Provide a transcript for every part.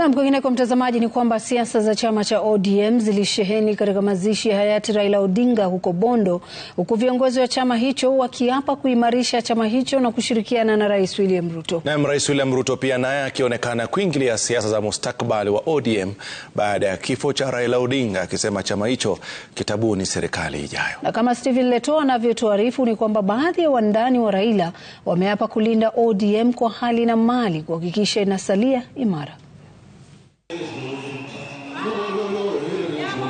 Nam, kwingine kwa mtazamaji ni kwamba siasa za chama cha ODM zilisheheni katika mazishi ya hayati Raila Odinga huko Bondo, huku viongozi wa chama hicho wakiapa kuimarisha chama hicho na kushirikiana na Rais William Ruto. Naam, Rais William Ruto pia naye akionekana kuingilia siasa za mustakabali wa ODM baada ya kifo cha Raila Odinga, akisema chama hicho kitabuni serikali ijayo. Na kama Stephen Leto anavyotuarifu ni kwamba baadhi ya wandani wa Raila wameapa kulinda ODM kwa hali na mali, kuhakikisha inasalia imara.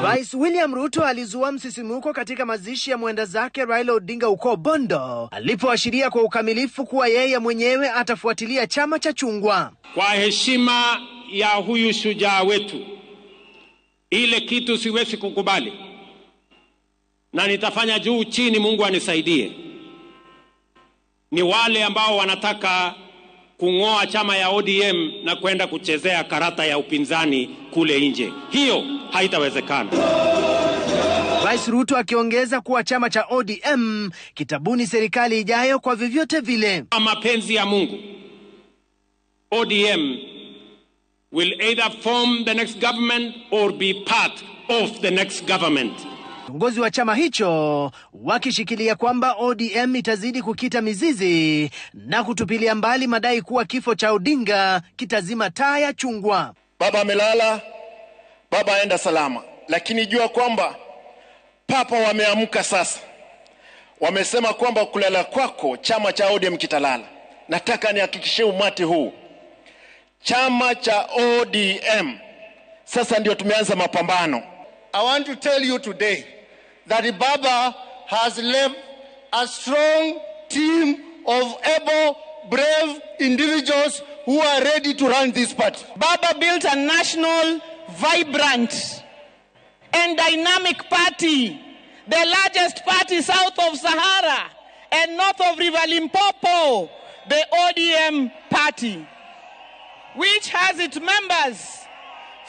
Rais William Ruto alizua msisimuko katika mazishi ya mwenda zake Raila Odinga huko Bondo, alipoashiria kwa ukamilifu kuwa yeye mwenyewe atafuatilia chama cha chungwa. Kwa heshima ya huyu shujaa wetu, ile kitu siwezi kukubali na nitafanya juu chini, Mungu anisaidie, ni wale ambao wanataka kung'oa chama ya ODM na kwenda kuchezea karata ya upinzani kule nje. Hiyo haitawezekana. Rais Ruto akiongeza kuwa chama cha ODM kitabuni serikali ijayo kwa vyovyote vile. Kwa mapenzi ya Mungu, ODM will either form the next government or be part of the next government viongozi wa chama hicho wakishikilia kwamba ODM itazidi kukita mizizi na kutupilia mbali madai kuwa kifo cha Odinga kitazima taa ya chungwa. Baba amelala, baba aenda salama, lakini jua kwamba papa wameamka sasa, wamesema kwamba kulala kwako chama cha ODM kitalala. Nataka nihakikishie umati huu chama cha ODM sasa ndio tumeanza mapambano. I want to tell you today that Baba has left a strong team of able, brave individuals who are ready to run this party. Baba built a national, vibrant, and dynamic party, the largest party south of Sahara and north of River Limpopo, the ODM party, which has its members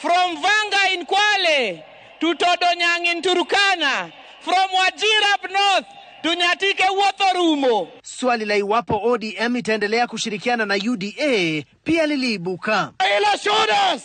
from Vanga in Kwale to Todonyang in Turkana from Wajir up north tunyatike uothorumo. Swali la iwapo ODM itaendelea kushirikiana na UDA pia liliibuka. Raila showed us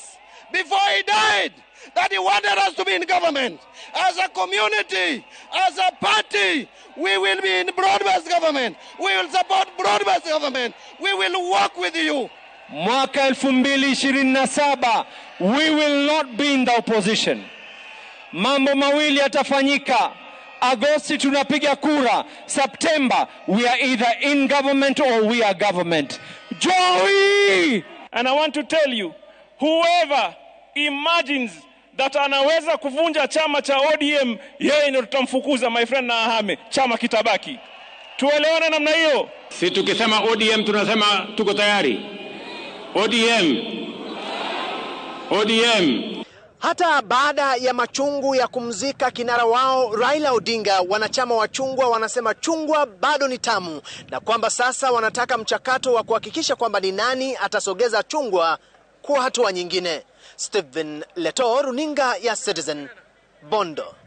before he died that he wanted us to be in government. As a community, as a party, we will be in broad-based government. We will support broad-based government. We will work with you. Mwaka 2027 we will not be in the opposition. Mambo mawili yatafanyika. Agosti tunapiga kura, September we are either in government or we are government. Joy! And I want to tell you, whoever imagines that anaweza kuvunja chama cha ODM, yeye ndio tutamfukuza my friend, na ahame, chama kitabaki. Tuelewane namna hiyo. Si tukisema ODM tunasema tuko tayari. ODM. ODM. Hata baada ya machungu ya kumzika kinara wao Raila Odinga, wanachama wa chungwa wanasema chungwa bado ni tamu na kwamba sasa wanataka mchakato wa kuhakikisha kwamba ni nani atasogeza chungwa kwa hatua nyingine. Stephen Leto, runinga ya Citizen, Bondo.